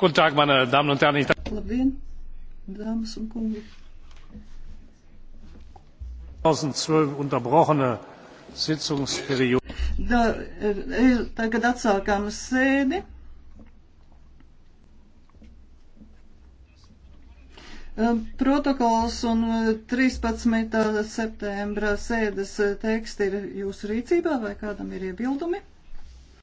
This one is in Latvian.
Guten Tag, meine Damen und Herren. Ich Labdien, dāmas un kungi. 2012 unterbrochene Sitzungsperiode. Da, eh, eh, tagad atsākām sēdi. Eh, protokols un 13. septembra sēdes teksti ir jūsu rīcībā vai kādam ir iebildumi?